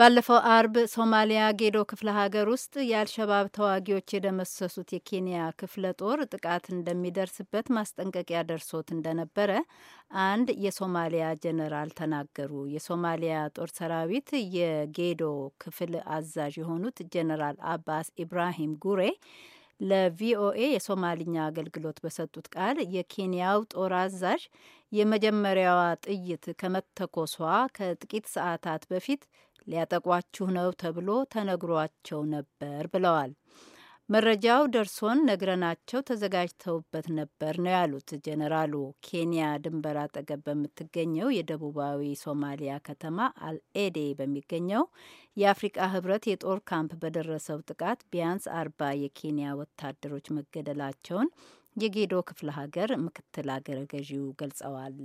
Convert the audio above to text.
ባለፈው አርብ ሶማሊያ ጌዶ ክፍለ ሀገር ውስጥ የአልሸባብ ተዋጊዎች የደመሰሱት የኬንያ ክፍለ ጦር ጥቃት እንደሚደርስበት ማስጠንቀቂያ ደርሶት እንደነበረ አንድ የሶማሊያ ጀነራል ተናገሩ። የሶማሊያ ጦር ሰራዊት የጌዶ ክፍል አዛዥ የሆኑት ጀነራል አባስ ኢብራሂም ጉሬ ለቪኦኤ የሶማልኛ አገልግሎት በሰጡት ቃል የኬንያው ጦር አዛዥ የመጀመሪያዋ ጥይት ከመተኮሷ ከጥቂት ሰዓታት በፊት ሊያጠቋችሁ ነው ተብሎ ተነግሯቸው ነበር ብለዋል። መረጃው ደርሶን ነግረናቸው ተዘጋጅተውበት ነበር ነው ያሉት ጄኔራሉ። ኬንያ ድንበር አጠገብ በምትገኘው የደቡባዊ ሶማሊያ ከተማ አልኤዴ በሚገኘው የአፍሪቃ ህብረት የጦር ካምፕ በደረሰው ጥቃት ቢያንስ አርባ የኬንያ ወታደሮች መገደላቸውን የጌዶ ክፍለ ሀገር ምክትል አገረ ገዢው ገልጸዋል።